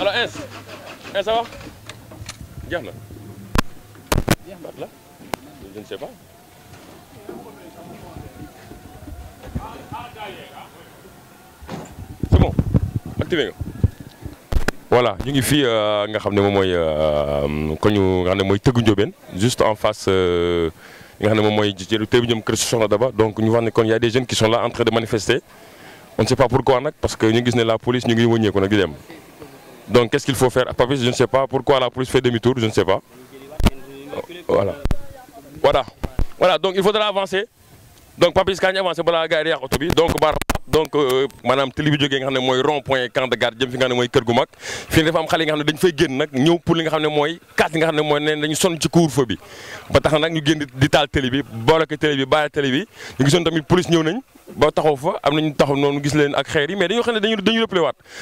alors S, je ne sais pas c'est bon activez voilà nous sommes ici, juste en face euh, nga avons donc nous voyons qu'il y a des jeunes qui sont là en train de manifester on ne sait pas pourquoi parce que nous sommes la police nous sommes venus. Donc qu'est-ce qu'il faut faire Papi, je ne sais pas. Pourquoi la police fait demi-tour Je ne sais pas. Voilà. Voilà. Voilà, donc il faudra avancer. Donc Papi, quand avance, voilà, gars, autobi. Donc donc bar, euh, donc Madame bi jógee nga xam rond point camp de garde jëm fi nga xam ne mooy kër gu mag fii ne dafa am xale yi nga xam ne dañu fay génn nag ñëw pour li nga xam ne mooy kaas yi nga xam ne mooy neen dañu sonn ci couvre-feu bi ba tax nag ñu génn di télé bi télé bi télé bi ñu tamit police ñëw nañ ba taxaw fa am nañu taxaw noonu gis leen ak xeer yi mais dañoo xam dañu dañu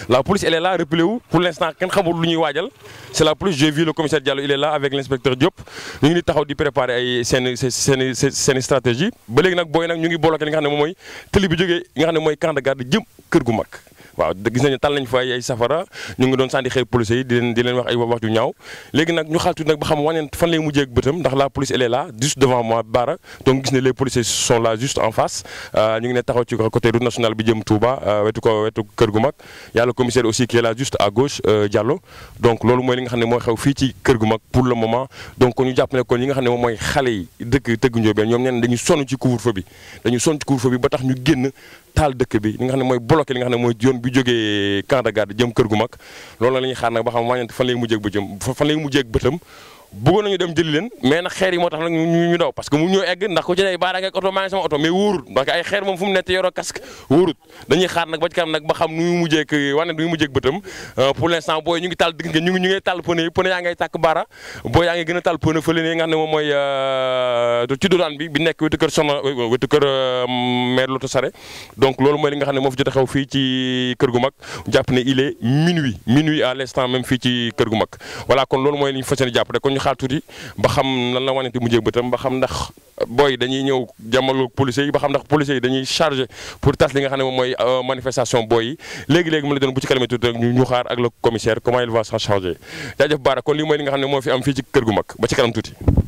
la police elle est là replié wu pour l'instant ken xamul luñuy wadjal c'est la police j'ai vu le commissaire Diallo il est là avec l'inspecteur Diop ñu ngi taxaw di préparer ay sen sen sen stratégie ba légui nak boy nak ñu ngi bloquer nga xam moy moom bi joggé nga xam moy mooy camp de garde jëm kër gu mak waaw gis nañu tal nañ fa ay safara ñu ngi doon sànni xey police yi di leen di leen wax ay wax ju ñaaw léegi nag ñu xaltu nag ba xam waneen fan lay mujjee ak bëtam ndax la police elle est là juste devant moi Bara donc gis ne les policiers sont là juste en face euh, ñu ngi ne taxaw ci côté route national bi jëm Touba euh, wetu ko wetu kër gu mag yàlla commissaire aussi qui est là juste à gauche euh, Diallo donc loolu mooy li nga xam ne mooy xew fii ci kër gu mag pour le moment donc ñu jàpp ne kon yi nga xam ne moom mooy xale yi dëkk tëgg Ndiobène ñoom ñeneen dañu sonn ci couvre-feu bi dañu sonn ci couvre-feu bi ba tax ñu génn taal dëkk bi li nga xam ne mooy bloqué li nga xam ne mooy yoon bi jógee camp de garde jëm kër gu mag loolu la ñuy xaar nag ba xam wàññante fan lay mujjee bëtam fan lay mujjee bëtam bëggoon nañu dem jëli mais nag xeer yi moo tax nag ñu daw parce que mu ñoo egg ndax ku ci ne baara ngeeg oto maa ngi sama oto mais wóorut parce que ay xeer moom fu mu nekk yoroo casque yi pneu yaa ngay tàkk baara booy yaa ngay gën a tàll pneu fële ne nga xam ne moom mooy euh, ci dodaan bi bi nekk wetu kër soxna wetu euh, Loto Sare donc loolu mooy li nga xam ne moo fi jot a xew fii ci kër gu mag jàpp ne il minuit minuit à l'instant même fii ci kër gu mag voilà xaar tuuti ba xam lan la wanante mujjee bëtam ba xam ndax booy dañuy ñëw jàmmaloo policiers yi ba xam ndax policiers yi dañuy chargé pour tas li nga xam ne moom mooy euh, manifestation booy yi léegi-léegi mu la doon bu ci kalamee tuuti rek ñu xaar ak le commissaire comment il va s'en charger kon lii mooy li nga xam ne moo fi am fii ci kër gu mag ba ci kanam tuuti